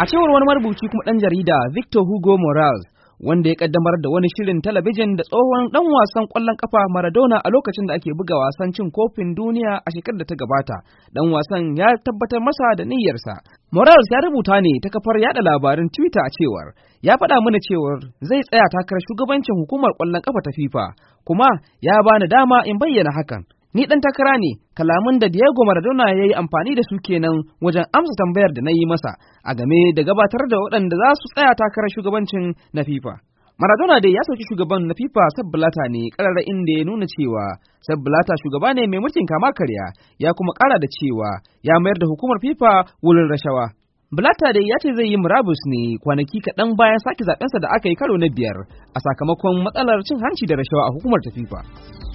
A cewar wani marubuci kuma ɗan jarida Victor Hugo Morales, wanda ya kaddamar da wani shirin talabijin da tsohon ɗan wasan ƙwallon kafa Maradona a lokacin da ake buga wasan cin kofin duniya a shekarar da ta gabata. Dan wasan ya tabbatar masa da niyyarsa. Morales ya rubuta ne ta kafar yada labarin Twitter a cewar ya faɗa mana cewar zai tsaya takarar shugabancin hukumar kwallon kafa ta FIFA kuma ya bani dama in bayyana hakan. ni dan takara ne kalamin da Diego Maradona ya yi amfani da su kenan wajen amsa tambayar da na yi masa a game da gabatar da waɗanda za su tsaya takarar shugabancin na FIFA. Maradona dai ya sauki shugaban na FIFA Sabbalata ne karara inda ya nuna cewa Sabbalata shugaba ne mai mulkin kama karya ya kuma kara da cewa ya mayar da hukumar FIFA wurin rashawa. Blata dai ya ce zai yi murabus ne kwanaki kaɗan bayan sake zaɓensa da aka yi karo na biyar a sakamakon matsalar cin hanci da rashawa a hukumar ta FIFA.